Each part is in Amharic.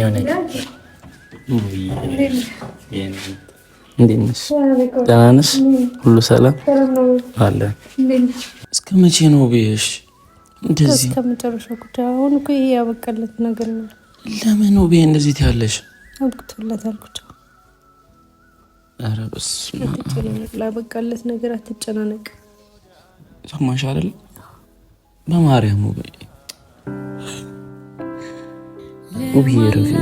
የሆነ ደህና ነሽ? ሁሉ ሰላም አለ። እስከ መቼ ነው ብዬሽ እንደዚህ ከመጨረሻ ጉዳይ አሁን እኮ ይሄ ያበቃለት ነገር ነው። ለምን ነው ብዬሽ እንደዚህ ትያለሽ? አብቅቶለታል እኮ ኧረ በስመ አብ ላበቃለት ነገር አትጨናነቅ። ሰማሽ አይደል? በማርያም ነው ብሔረፊ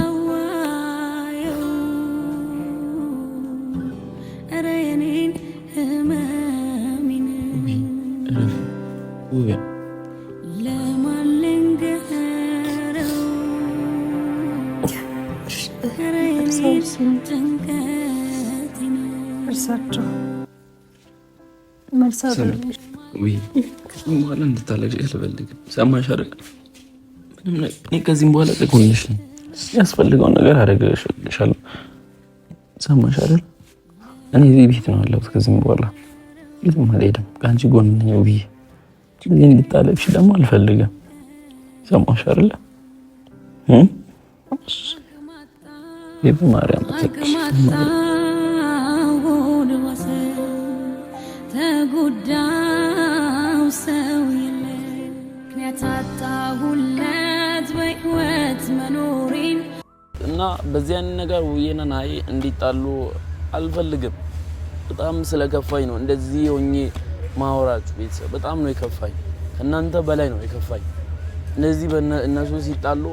እርሳቸው መልሳ በኋላ ሰማሽ አይደል? ከዚህም በኋላ ጥቁንሽ ያስፈልገውን ነገር አደረግልሻለሁ። ሰማሽ አይደል? እኔ እዚህ ቤት ነው ያለሁት። ከዚህም በኋላ የትም አልሄድም። ከአንቺ ጎን ነኝ ብዬ ጊዜ እንድታለቅሽ ደግሞ አልፈልግም። ሰማሽ አይደል? ማርያም ተጎዳው ሰው እና በዚህ አይነት ነገር ውዬና ናሂ እንዲጣሉ አልፈልግም። በጣም ስለከፋኝ ነው እንደዚህ ሆኜ ማውራት። ቤተሰብ በጣም ነው የከፋኝ፣ ከእናንተ በላይ ነው የከፋኝ። እንደዚህ እነሱ ሲጣሉ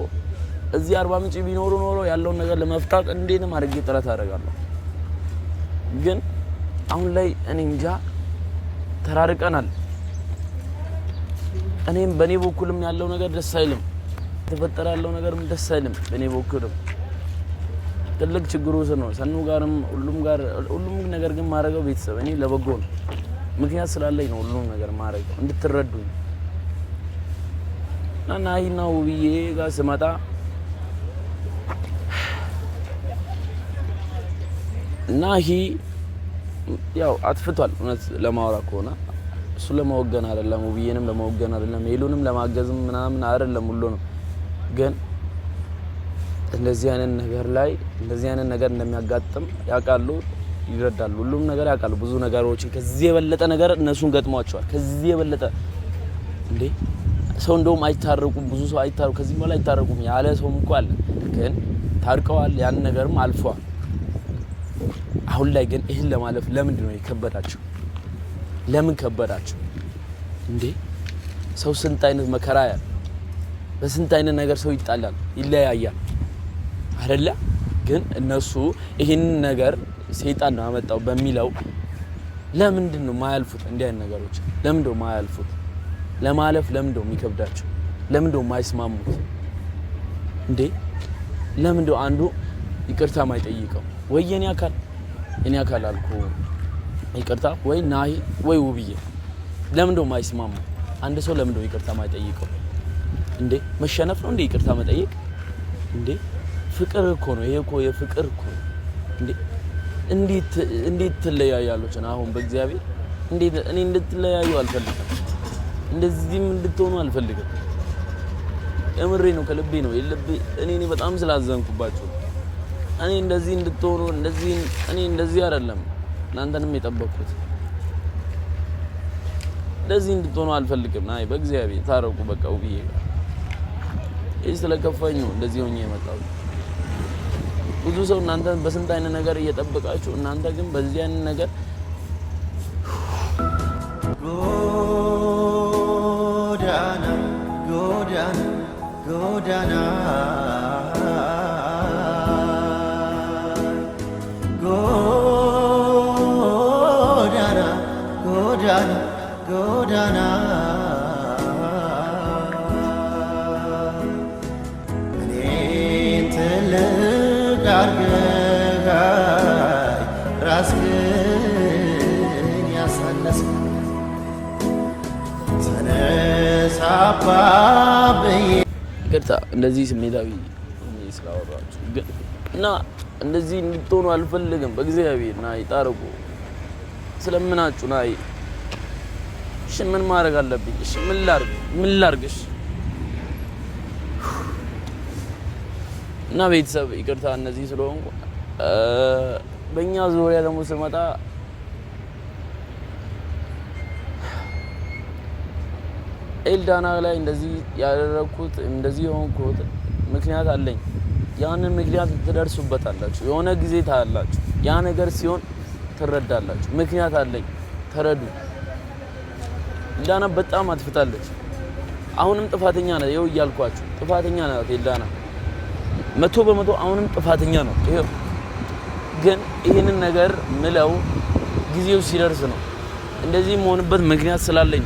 እዚህ አርባ ምንጭ ቢኖሩ ኖሮ ያለውን ነገር ለመፍታት እንዴትም አድርጌ ጥረት አደርጋለሁ። ግን አሁን ላይ እኔ እንጃ ተራርቀናል። እኔም በእኔ በኩልም ያለው ነገር ደስ አይልም፣ የተፈጠረ ያለው ነገርም ደስ አይልም በእኔ በኩልም ትልቅ ችግሩ ስ ነው። ሰኑ ጋርም ሁሉም ጋር ሁሉም ነገር ግን ማድረገው ቤተሰብ እኔ ለበጎ ነው። ምክንያት ስላለኝ ነው ሁሉም ነገር ማድረገው እንድትረዱኝ እና ናሂና ውብዬ ጋር ስመጣ ናሂ ያው አጥፍቷል። እውነት ለማውራት ከሆነ እሱ ለመወገን አይደለም፣ ውብዬንም ለመወገን አይደለም፣ ሄሉንም ለማገዝም ምናምን አይደለም። ሁሉ ነው ግን እንደዚህ አይነት ነገር ላይ እንደዚህ አይነት ነገር እንደሚያጋጥም ያውቃሉ፣ ይረዳሉ፣ ሁሉም ነገር ያውቃሉ። ብዙ ነገሮችን ከዚህ የበለጠ ነገር እነሱን ገጥሟቸዋል። ከዚህ የበለጠ እንዴ ሰው እንደውም አይታረቁም፣ ብዙ ሰው አይታረቁ ከዚህ በኋላ አይታረቁም ያለ ሰውም እኮ አለ። ግን ታርቀዋል፣ ያን ነገርም አልፏል። አሁን ላይ ግን ይህን ለማለፍ ለምንድን ነው የከበዳቸው? ለምን ከበዳቸው? እንዴ ሰው ስንት አይነት መከራ ያለ በስንት አይነት ነገር ሰው ይጣላል፣ ይለያያል። አይደለ? ግን እነሱ ይህንን ነገር ሰይጣን ነው ያመጣው በሚለው ለምንድን ነው ማያልፉት? እንዲህ አይነት ነገሮች ለምንድን ነው ማያልፉት? ለማለፍ ለምንድን ነው የሚከብዳቸው? ለምንድን ነው የማይስማሙት? እንዴ ለምንድን ነው አንዱ ይቅርታ ማይጠይቀው? ወይ የኔ አካል የኔ አካል አልኩ ይቅርታ፣ ወይ ናሂ፣ ወይ ውብዬ ለምንድን ነው የማይስማሙ? አንድ ሰው ለምንድን ነው ይቅርታ ማይጠይቀው? እንዴ መሸነፍ ነው እንዴ ይቅርታ መጠየቅ እንዴ? ፍቅር እኮ ነው ይሄ እኮ የፍቅር እኮ ነው። እንዴት ትለያያለች? አሁን በእግዚአብሔር እንዴት እኔ እንድትለያዩ አልፈልግም። እንደዚህም እንድትሆኑ አልፈልግም። እምሬ ነው ከልቤ ነው የልቤ እኔ እኔ በጣም ስላዘንኩባችሁ እኔ እንደዚህ እንድትሆኑ እንደዚህ እኔ እንደዚህ አይደለም እናንተንም የጠበኩት እንደዚህ እንድትሆኑ አልፈልግም። አይ በእግዚአብሔር ታረቁ በቃ ውብዬ ይህ ስለከፋኝ ነው እንደዚህ ሆኜ የመጣሁት። ብዙ ሰው እናንተ በስንት አይነት ነገር እየጠበቃችሁ እናንተ ግን በዚህ አይነት ነገር ጎዳና ጎዳና ጎዳና ጎዳና ጎዳና ጎዳና አባ ይቅርታ እንደዚህ ስሜታዊ ስላወራችሁ እና እንደዚህ እንድትሆኑ አልፈልግም። በእግዚአብሔር ናይ ጣርቁ ስለምናችሁ ናይ። እሺ ምን ማድረግ አለብኝ? እሺ ምን ላርግ? ምን ላርግሽ? እና ቤተሰብ ይቅርታ እነዚህ ስለሆንኩ በእኛ ዙሪያ ደግሞ ስመጣ ኤልዳና ላይ እንደዚህ ያደረግኩት እንደዚህ የሆንኩት ምክንያት አለኝ። ያንን ምክንያት ትደርሱበታላችሁ። የሆነ ጊዜ ታያላችሁ። ያ ነገር ሲሆን ትረዳላችሁ። ምክንያት አለኝ፣ ተረዱ። ኤልዳና በጣም አትፍታለች። አሁንም ጥፋተኛ ናት። ይኸው እያልኳችሁ ጥፋተኛ ናት ኤልዳና መቶ በመቶ አሁንም ጥፋተኛ ነው። ይሄው ግን ይህንን ነገር ምለው ጊዜው ሲደርስ ነው። እንደዚህ መሆንበት ምክንያት ስላለኝ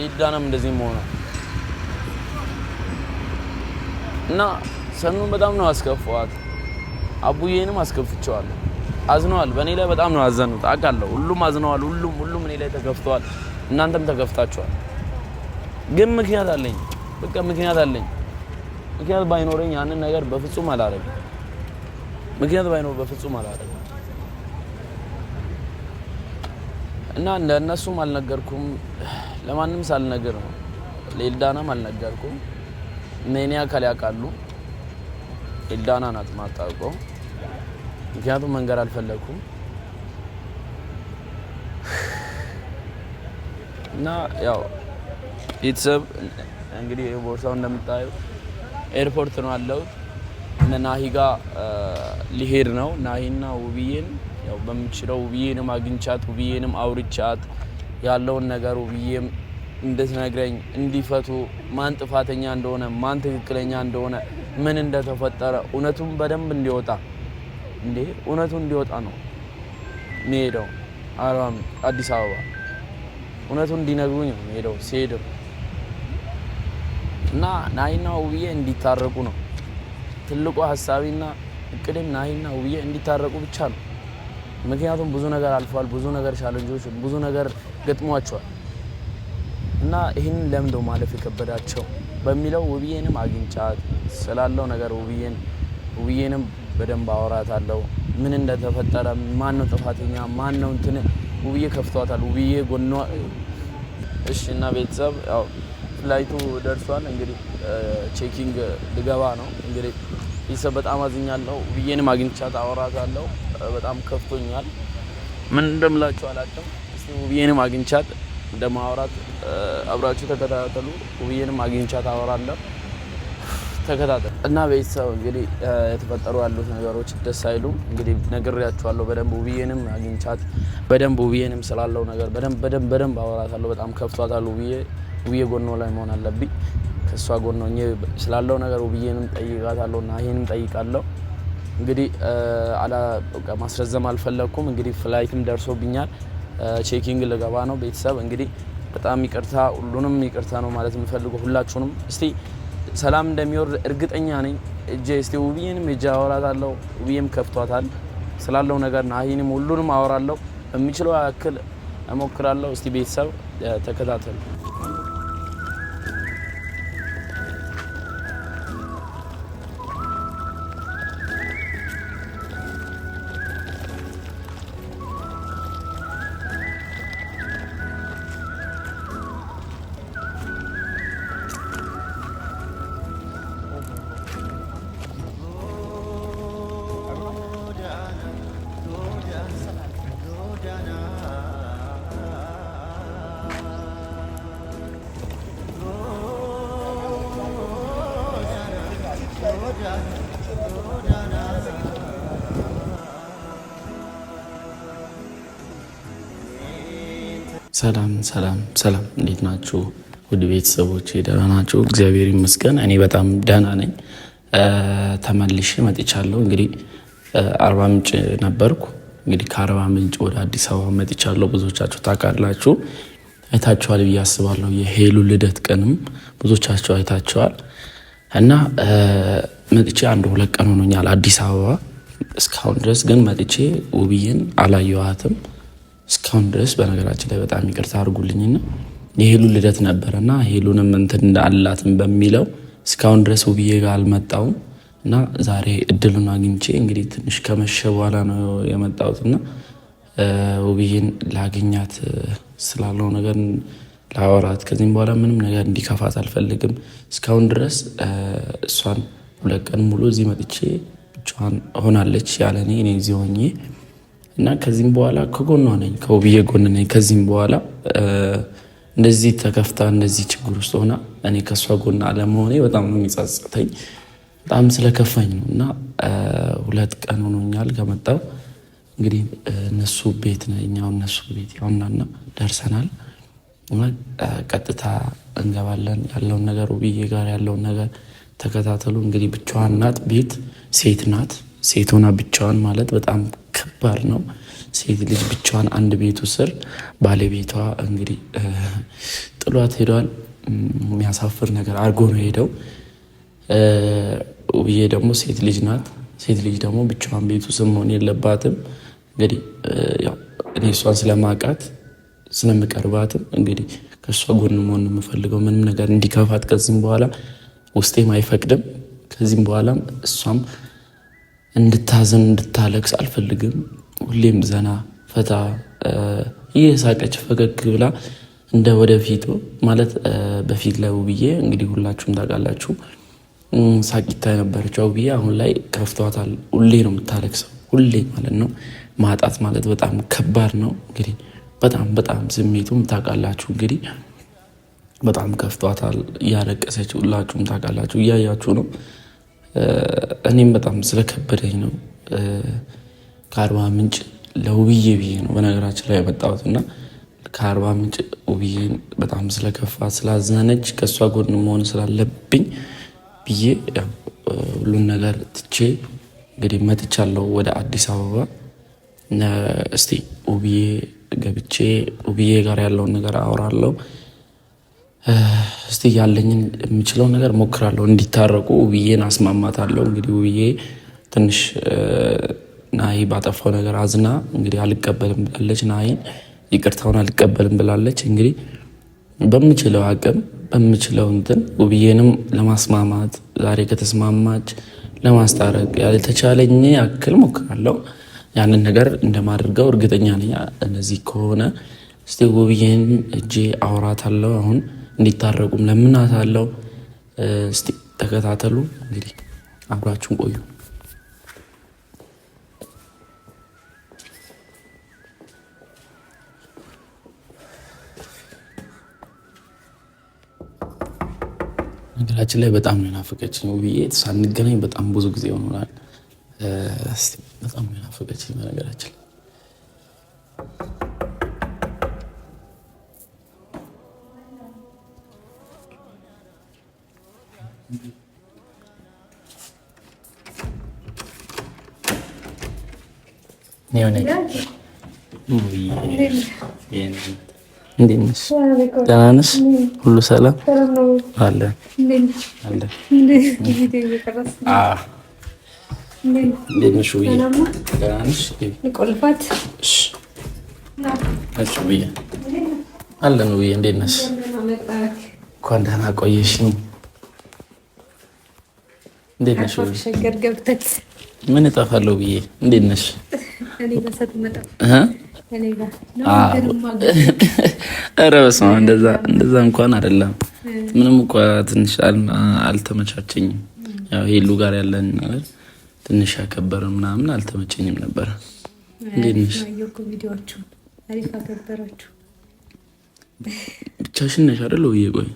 ሊዳነም እንደዚህ መሆኑ እና ሰኑን በጣም ነው አስከፋዋት። አቡዬንም አስከፍቸዋለሁ። አዝነዋል። በእኔ ላይ በጣም ነው አዘኑት። አውቃለሁ። ሁሉም አዝነዋል። ሁሉም ሁሉም እኔ ላይ ተከፍተዋል። እናንተም ተከፍታችኋል። ግን ምክንያት አለኝ። በቃ ምክንያት አለኝ። ምክንያት ባይኖረኝ ያንን ነገር በፍጹም አላረግም። ምክንያት ባይኖር በፍጹም አላረግም እና ለእነሱም አልነገርኩም። ለማንም ሳልነግር ነው። ለኤልዳናም አልነገርኩም። እኔ አካል ያውቃሉ። ኤልዳና ናት ማታውቀው። ምክንያቱም መንገር አልፈለግኩም እና ያው ቤተሰብ እንግዲህ ቦርሳው እንደምታየው ኤርፖርት ነው ያለሁት። እነ ናሂ ጋ ሊሄድ ነው ናሂና ውብዬን ያው በምችለው ውብዬንም አግኝቻት ውብዬንም አውርቻት ያለውን ነገሩ ብዬም እንድትነግረኝ እንዲፈቱ ማን ጥፋተኛ እንደሆነ ማን ትክክለኛ እንደሆነ ምን እንደተፈጠረ እውነቱን በደንብ እንዲወጣ እንዴ እውነቱ እንዲወጣ ነው ሚሄደው አዲስ አበባ እውነቱ እንዲነግሩኝ ነው ሚሄደው። ሲሄድም እና ናሂና ውብዬ እንዲታረቁ ነው ትልቁ ሀሳቢና እቅድም ናሂና ውብዬ እንዲታረቁ ብቻ ነው። ምክንያቱም ብዙ ነገር አልፏል። ብዙ ነገር ቻለንጆች፣ ብዙ ነገር ገጥሟቸዋል እና ይህንን ለምደው ማለፍ የከበዳቸው በሚለው ውብዬንም አግኝቻት ስላለው ነገር ውብዬን ውብዬንም በደንብ አለው ምን እንደተፈጠረ ማን ነው ጥፋተኛ ማን ነው እንትን ውብዬ ከፍቷታል። ውብዬ ጎኗ እሺ። እና ቤተሰብ ያው ፍላይቱ ደርሷል። እንግዲህ ቼኪንግ ልገባ ነው። እንግዲህ ቤተሰብ በጣም አዝኛለሁ። ውብዬንም አግኝቻት አለው በጣም ከፍቶኛል። ምን እንደምላችሁ አላቸው? ውብዬንም አግኝቻት እንደ ማውራት አብራችሁ ተከታተሉ። ውብዬንም አግኝቻት አወራለሁ። ተከታተሉ እና ቤተሰብ እንግዲህ የተፈጠሩ ያሉት ነገሮች ደስ አይሉም። እንግዲህ ነግሬያችኋለሁ በደንብ ውብዬንም አግኝቻት በደንብ ውብዬንም ስላለው ነገር በደንብ በደንብ በደንብ አወራታለሁ። በጣም ከፍቷታል ውብዬ ውብዬ ጎኖ ላይ መሆን አለብኝ ከእሷ ጎኖ ስላለው ነገር ውብዬንም ጠይቃታለሁ እና ይህንም ጠይቃለሁ። እንግዲህ ማስረዘም አልፈለግኩም። እንግዲህ ፍላይትም ደርሶብኛል። ቼኪንግ ልገባ ነው። ቤተሰብ እንግዲህ በጣም ይቅርታ፣ ሁሉንም ይቅርታ ነው ማለት የምፈልገው ሁላችሁንም። እስቲ ሰላም እንደሚወርድ እርግጠኛ ነኝ። እጄ እስቲ ውብዬንም እጄ አወራታለሁ። ውብዬም ከፍቷታል ስላለው ነገር ናሂንም ሁሉንም አወራለሁ። በሚችለው ያክል እሞክራለሁ። እስቲ ቤተሰብ ተከታተሉ። ሰላም ሰላም ሰላም፣ እንዴት ናችሁ? ውድ ቤተሰቦች ደህና ናችሁ? እግዚአብሔር ይመስገን፣ እኔ በጣም ደህና ነኝ። ተመልሼ መጥቻለሁ። እንግዲህ አርባ ምንጭ ነበርኩ። እንግዲህ ከአርባ ምንጭ ወደ አዲስ አበባ መጥቻለሁ። ብዙዎቻችሁ ታውቃላችሁ፣ አይታችኋል ብዬ አስባለሁ። የሄሉ ልደት ቀንም ብዙዎቻችሁ አይታችኋል እና መጥቼ አንድ ሁለት ቀን ሆኖኛል አዲስ አበባ። እስካሁን ድረስ ግን መጥቼ ውብዬን አላየኋትም። እስካሁን ድረስ በነገራችን ላይ በጣም ይቅርታ አድርጉልኝና የሄሉ ልደት እና ሄሉንም እንትን እንዳላትም በሚለው እስካሁን ድረስ ውብዬ ጋር አልመጣውም እና ዛሬ እድሉን አግኝቼ እንግዲህ ትንሽ ከመሸ በኋላ ነው የመጣሁትና ውብዬን ላግኛት ስላለው ነገር ላወራት ከዚህም በኋላ ምንም ነገር እንዲከፋት አልፈልግም። እስካሁን ድረስ እሷን ሁለት ቀን ሙሉ እዚህ መጥቼ ብቻዋን ሆናለች ያለኔ እኔ እኔ እዚህ ሆኜ እና ከዚህም በኋላ ከጎኗ ነኝ፣ ከውብዬ ጎን ነኝ። ከዚህም በኋላ እንደዚህ ተከፍታ እንደዚህ ችግር ውስጥ ሆና እኔ ከእሷ ጎን አለመሆኔ በጣም ነው የሚጸጽተኝ፣ በጣም ስለከፋኝ ነው። እና ሁለት ቀን ሆኖኛል ከመጣው እንግዲህ እነሱ ቤት ነኛው እነሱ ቤት ያውናና ደርሰናል። ቀጥታ እንገባለን። ያለውን ነገር ውብዬ ጋር ያለውን ነገር ተከታተሉ። እንግዲህ ብቻዋን ናት፣ ቤት ሴት ናት። ሴት ሆና ብቻዋን ማለት በጣም ከባድ ነው። ሴት ልጅ ብቻዋን አንድ ቤቱ ስር ባለቤቷ እንግዲህ ጥሏት ሄዷል። የሚያሳፍር ነገር አድርጎ ነው ሄደው። ውብዬ ደግሞ ሴት ልጅ ናት። ሴት ልጅ ደግሞ ብቻዋን ቤቱ ስር መሆን የለባትም። እንግዲህ እኔ እሷን ስለማውቃት ስለምቀርባትም እንግዲህ ከእሷ ጎን መሆን ነው የምፈልገው። ምንም ነገር እንዲከፋት ከዚህም በኋላ ውስጤም አይፈቅድም። ከዚህም በኋላም እሷም እንድታዘን እንድታለቅስ አልፈልግም። ሁሌም ዘና ፈታ ይህ ሳቀች ፈገግ ብላ እንደ ወደፊቱ ማለት በፊት ላይ ውብዬ እንግዲህ ሁላችሁም ታውቃላችሁ ሳቂታ የነበረችው ውብዬ አሁን ላይ ከፍቷታል። ሁሌ ነው የምታለቅሰው፣ ሁሌ ማለት ነው። ማጣት ማለት በጣም ከባድ ነው። እንግዲህ በጣም በጣም ስሜቱም ታውቃላችሁ እንግዲህ በጣም ከፍቷታል። እያለቀሰች ሁላችሁም ታውቃላችሁ፣ እያያችሁ ነው። እኔም በጣም ስለከበደኝ ነው ከአርባ ምንጭ ለውብዬ ብዬ ነው በነገራችን ላይ የመጣሁት እና ከአርባ ምንጭ ውብዬን በጣም ስለከፋ ስላዝናነች ከእሷ ጎን መሆን ስላለብኝ ብዬ ሁሉን ነገር ትቼ እንግዲህ መጥቻለሁ ወደ አዲስ አበባ። እስቲ ውብዬ ገብቼ ውብዬ ጋር ያለውን ነገር አወራለሁ። እስቲ ያለኝን የምችለው ነገር ሞክራለሁ እንዲታረቁ ውብዬን አስማማታለሁ። እንግዲህ ውብዬ ትንሽ ናሂ ባጠፋው ነገር አዝና እንግዲህ አልቀበልም ብላለች። ናይን ይቅርታውን አልቀበልም ብላለች። እንግዲህ በምችለው አቅም በምችለው እንትን ውብዬንም ለማስማማት ዛሬ ከተስማማች ለማስታረቅ ያልተቻለኝ ያክል ሞክራለሁ። ያንን ነገር እንደማድርገው እርግጠኛ ነኝ። እነዚህ ከሆነ እስቲ ውብዬን እጄ አውራታለሁ አሁን እንዲታረቁም ለምን አሳለው እስቲ ተከታተሉ። እንግዲህ አብራችሁን ቆዩ። ነገራችን ላይ በጣም ነው ነው ብዬ ሳንገናኝ በጣም ብዙ ጊዜ ሆኖናል። በጣም ነው የናፈቀችኝ ነገራችን ላይ ደህና ነሽ? ሁሉ ሰላም አለ አለ። እንዴት ነሽ ደህና ነሽ? አለን ውዬ፣ እንዴት ነሽ? እንኳን ደህና ቆየሽኝ። እንዴት ነሽ? ሸገር ገብተት ምን እጠፋለሁ ብዬ እንዴት ነሽ? ኧረ በስመ አብ እንደዛ እንኳን አይደለም። ምንም እንኳ ትንሽ አልተመቻቸኝም። ያው ሄሉ ጋር ያለን ነገር ትንሽ ያከበረ ምናምን አልተመቸኝም ነበረ። እንዴት ነሽ? ብቻሽን ነሽ አይደል? ብዬ ቆይ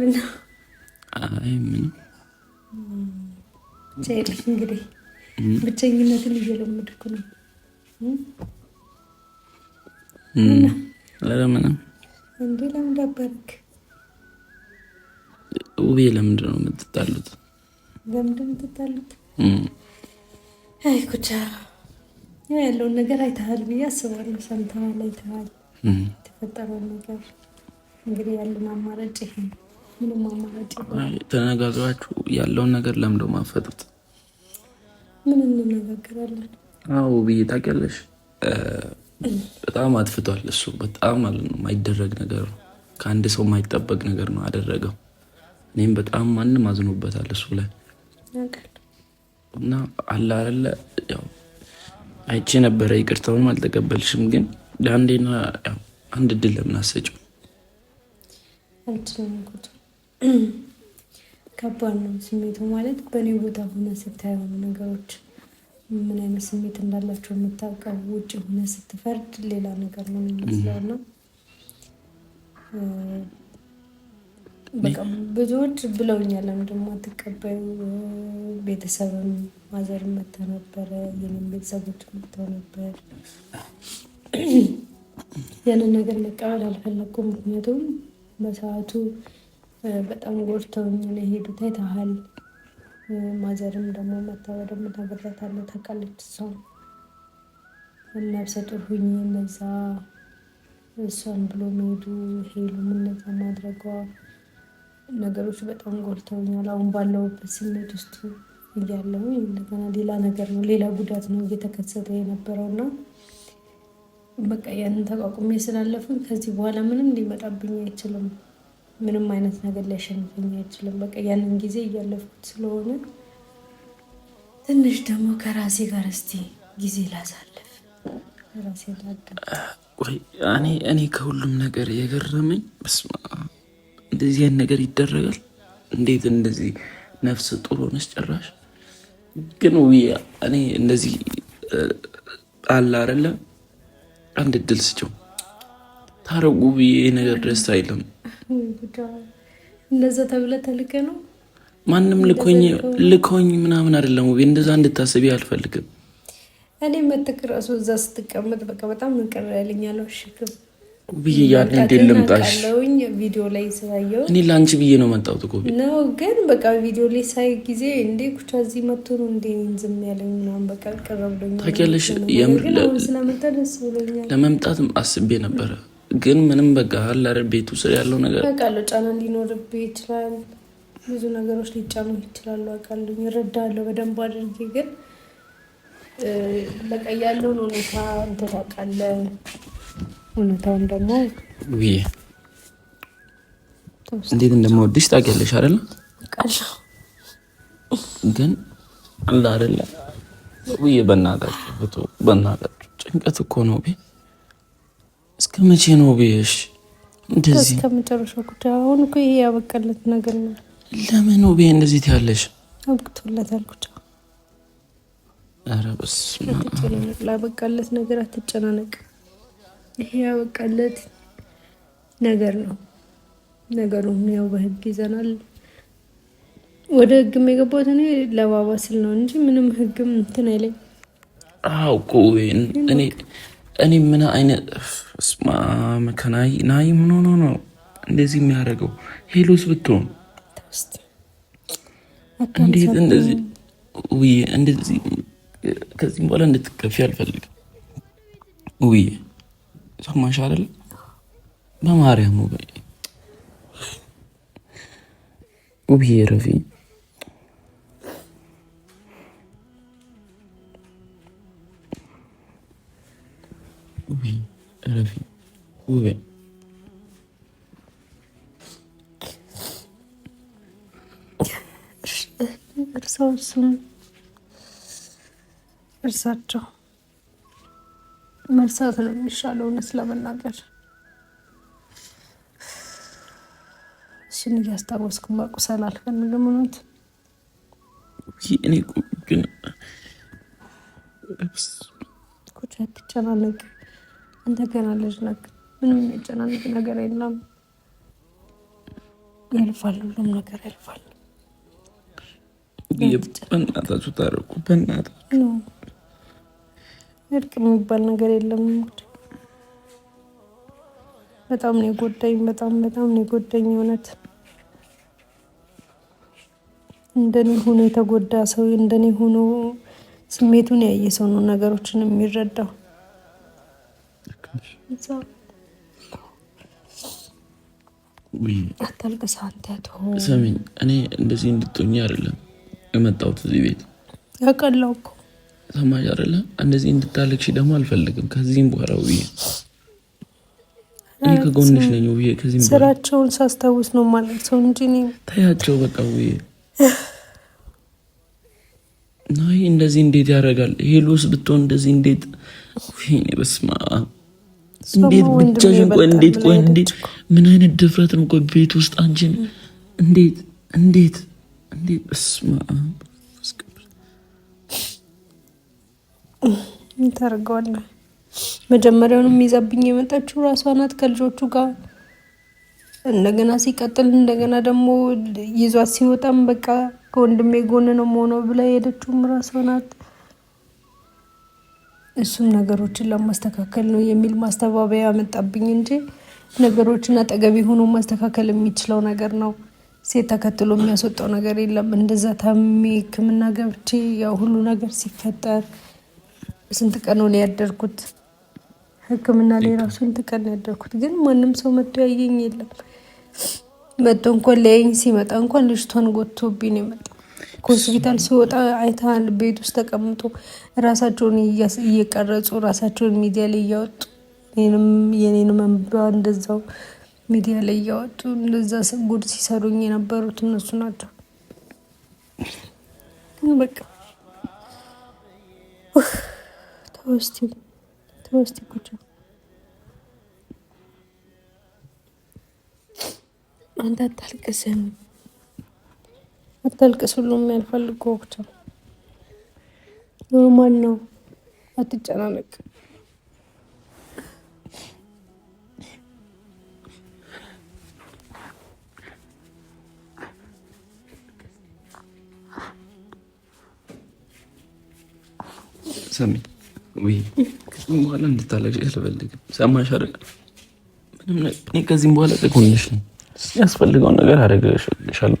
ምንም ሄድሽ እንግዲህ ብቸኝነትን እየለመድኩ ነው። ለምንም እንዲ ለምን ደበርክ? ውቤ ለምንድን ነው የምትጣሉት? ለምንድን የምትጣሉት? አይ ኩቻ ያለውን ነገር አይተሃል ብዬ አስባለሁ። ሰምተሃል፣ አይተሃል የተፈጠረውን ነገር እንግዲህ ያለን አማራጭ ይሄ ነው። ተነጋግራችሁ ያለውን ነገር ለምዶ ማፈጠጥ ምን እንነጋገራለን? አዎ ብዬ ታውቂያለሽ። በጣም አጥፍቷል እሱ በጣም አለ ነው። የማይደረግ ነገር ነው፣ ከአንድ ሰው የማይጠበቅ ነገር ነው አደረገው። እኔም በጣም ማንም አዝኖበታል እሱ ላይ እና አለ አይደለ ያው አይቼ ነበረ። ይቅርታውንም አልተቀበልሽም፣ ግን ለአንዴና አንድ እድል ለምን አሰጭው። ከባድ ነው ስሜቱ ማለት በእኔ ቦታ ሆነ ስታዩ ነገሮች ምን አይነት ስሜት እንዳላቸው የምታውቀው ውጭ ሆነ ስትፈርድ ሌላ ነገር ነው የሚመስለው ነው በቃ ብዙዎች ብለውኛል። ደግሞ አትቀበዩ ቤተሰብም ማዘር መተ ነበረ፣ የኔም ቤተሰቦች መጥተው ነበር። ያንን ነገር መቀበል አልፈለግኩም። ምክንያቱም በሰዓቱ በጣም ጎድተውኝ ነው የሄዱት። አይተሃል። ማዘርም ደግሞ መታ ደግሞ ተብራታለሁ ታውቃለች። እሷ ነፍሰ ጡር ሁኜ እነዛ እሷን ብሎ መሄዱ ሄሉም እነዛ ማድረጓ ነገሮች በጣም ጎድተውኛል። አሁን ባለሁበት ስሜት ውስጥ እያለሁ እንደገና ሌላ ነገር ነው ሌላ ጉዳት ነው እየተከሰተ የነበረው ነው። በቃ ያንን ተቋቁሜ ስላለፍን ከዚህ በኋላ ምንም ሊመጣብኝ አይችልም። ምንም አይነት ነገር ሊያሸንፈኝ አይችልም። በቃ ያንን ጊዜ እያለፍኩት ስለሆነ ትንሽ ደግሞ ከራሴ ጋር እስቲ ጊዜ ላሳለፍ ራሴ እኔ እኔ ከሁሉም ነገር የገረመኝ እንደዚህ አይነት ነገር ይደረጋል። እንዴት እንደዚህ ነፍስ ጥሩ ነች። ጭራሽ ግን ውያ እኔ እንደዚህ አለ አይደለም አንድ እድል ስጭው ታረጉ ብዬ ነገር ደስ አይለም እንደዛ ተብለህ ተልከህ ነው? ማንም ልኮኝ ልኮኝ ምናምን አይደለም። ውቤ እንደዛ እንድታስቢ አልፈልግም። እኔ መተክ ራሱ እዛ ስትቀመጥ በቃ በጣም እንቅር ያለኛለው ሽክም ብዬ ያን እንዴ ልምጣሽ? ቪዲዮ ላይ ስላየው እኔ ለአንቺ ብዬ ነው መጣሁት እኮ ነው። ግን በቃ ቪዲዮ ላይ ሳይ ጊዜ እንዴ ኩቻ እዚህ መጥቶ ነው እንዴ ዝም ያለኝ ምናምን በቃ ቀረብሎኛል። ታውቂያለሽ፣ ለመምጣት አስቤ ነበረ ግን ምንም በቃ አላረ ቤት ውስጥ ያለው ነገር አውቃለሁ። ጫና ሊኖርብህ ይችላል። ብዙ ነገሮች ሊጫኑ ይችላሉ። አውቃለሁ፣ ይረዳለሁ በደንብ አድርጌ። ግን በቃ ያለውን ሁኔታ አንተ ታውቃለህ። እውነታውን ደግሞ ውዬ እንዴት እንደምወድሽ ታውቂያለሽ አይደለ? ግን አላ አደለ ውዬ፣ በእናታችሁ በእናታችሁ ጭንቀት እኮ ነው ቤት እስከ መቼ ነው ብዬሽ እንደዚህ እስከ መጨረሻው ጉዳይ። አሁን እኮ ይሄ ያበቃለት ነገር ነው። ለምን ነው ውቤ እንደዚህ ትያለሽ? አብቅቶለታል። ጉዳ ኧረ በስመ አብ ላበቃለት ነገር አትጨናነቅ። ይሄ ያበቃለት ነገር ነው። ነገሩም ያው በህግ ይዘናል። ወደ ህግም የገባት እኔ ለባባ ስል ነው እንጂ ምንም ህግም እንትን አይለኝ። አውቁ እኮ እኔ እኔ ምን አይነት መከናይ ናይ ምን ሆኖ ነው እንደዚህ የሚያደርገው? ሄሎስ ብትሆን እንዴት እንደዚህ ውዬ እንደዚህ ከዚህም በኋላ እንድትከፊ አልፈልግም። ውይ ሰማሽ አይደል? በማርያም ውዬ ረፊ ልብሱን እርሳቸው መርሳት ነው የሚሻለው። እውነት ለመናገር እሱን እያስታወስኩ መቁሰል አልፈልግም። እውነት ልጅ ነህ። ምንም የሚጨናነቅ ነገር የለም። ያልፋል፣ ሁሉም ነገር ያልፋል። ብዬ በእናታችሁ ታረቁ። በእናታችሁ እርቅ የሚባል ነገር የለም። በጣም ነው የጎዳኝ። በጣም በጣም ነው የጎዳኝ። እውነት እንደኔ ሆኖ የተጎዳ ሰው እንደኔ ሆኖ ስሜቱን ያየ ሰው ነው ነገሮችን የሚረዳው። አታልቅስ አንተ። እኔ እንደዚህ እንድትሆኝ አይደለም የመጣሁት እዚህ ቤት ያቀላው እኮ ሰማሽ አይደለ? እንደዚህ እንድታለቅሽ ደግሞ አልፈልግም። ከዚህም በኋላ ውብዬ እኔ ከጎንሽ ነኝ ውብዬ። ከዚህም ስራቸውን ሳስታውስ ነው ማለት ሰው እንጂ እኔ ተያቸው በቃ ውብዬ። ናይ እንደዚህ እንዴት ያደርጋል? ሄሉስ ብትሆን እንደዚህ እንዴት ይሄኔ በስማ እንዴት ብቻሽን ቆይ እንዴት ቆይ እንዴት ምን አይነት ድፍረት ነው? ቆይ ቤት ውስጥ አንቺን እንዴት እንዴት እንዴ በስመ አብ ታደርገዋለህ። መጀመሪያውንም ይዛብኝ የመጣችው ራሷ ናት ከልጆቹ ጋር እንደገና ሲቀጥል እንደገና ደግሞ ይዟት ሲወጣም በቃ ከወንድሜ ጎን ነው መሆነው ብላ የሄደችውም ራሷ ናት። እሱም ነገሮችን ለማስተካከል ነው የሚል ማስተባበያ መጣብኝ እንጂ ነገሮችን አጠገቢ ሆኖ ማስተካከል የሚችለው ነገር ነው። ሴት ተከትሎ የሚያስወጣው ነገር የለም። እንደዛ ታሜ ሕክምና ገብቼ ያው ሁሉ ነገር ሲፈጠር ስንት ቀን ሆነ ያደርኩት ሕክምና ላይ ራሱ ስንት ቀን ያደርኩት፣ ግን ማንም ሰው መጥቶ ያየኝ የለም። መጥቶ እንኳን ሊያየኝ ሲመጣ እንኳን ልጅቷን ጎትቶብኝ ነው የመጣው። ከሆስፒታል ሲወጣ አይተሃል፣ ቤት ውስጥ ተቀምጦ ራሳቸውን እየቀረጹ ራሳቸውን ሚዲያ ላይ እያወጡ የኔንም እንባ እንደዛው ሚዲያ ላይ እያወጡ እንደዛ ስም ጉድ ሲሰሩኝ የነበሩት እነሱ ናቸው። በቃ አንተ አታልቅስም፣ አታልቅስ። ሁሉም ያልፈልግ ወቅት ኖርማል ነው። አትጨናነቅ። ሰሚ ከዚህም በኋላ እንድታለቅሽ አልፈልግም። ሰማሽ አይደል? እኔ ከዚህም በኋላ ጠቁነሽ ያስፈልገውን ነገር አደረግልሻለሁ።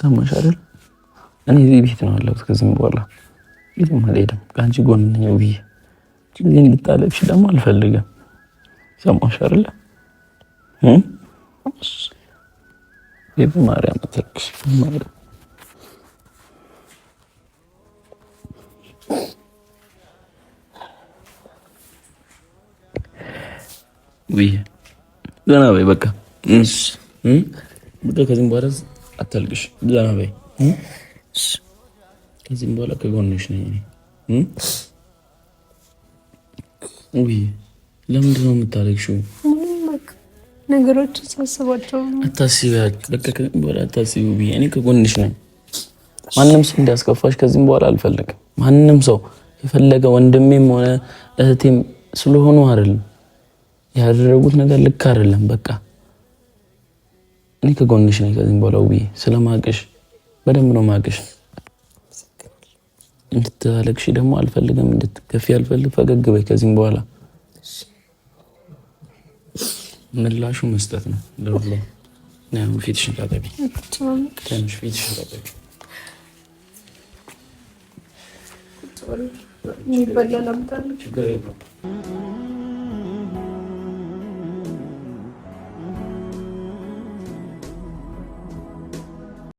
ሰማሽ አይደል? እኔ እዚህ ቤት ነው ያለሁት። ከዚህም በኋላ የትም አልሄድም። ከአንቺ ጎን ነኝ ብዬ ጊዜ እንድታለቅሽ ደግሞ አልፈልግም። ሰማሽ አይደል? ማርያም ተክሽ ውይ በይ በቃ ከዚህም በኋላ አታልቅሽ። ደህና በይ። ከዚህም በኋላ ከጎንሽ ነኝ። ውይ ለምንድን ነው የምታለቅሽው? ነገሮች ሳስባቸው አታስቢ፣ በቃ ከዚህም በኋላ አታስቢ ብዬ እኔ ከጎንሽ ነኝ። ማንም ሰው እንዲያስከፋሽ ከዚህም በኋላ አልፈልግም። ማንም ሰው የፈለገ ወንድሜም ሆነ እህቴም ስለሆኑ አይደለም ያደረጉት ነገር ልክ አይደለም። በቃ እኔ ከጎንሽ ነኝ። ከዚህም በኋላ ውብዬ ስለማቅሽ በደንብ ነው ማቅሽ። እንድታለቅሺ ደግሞ አልፈልግም፣ እንድትከፊ አልፈልግ። ፈገግ በይ። ከዚህም በኋላ ምላሹ መስጠት ነው ለሁሉ። ፊትሽን ታጠቢ፣ ትንሽ ፊትሽን ታጠቢ። ችግር የለም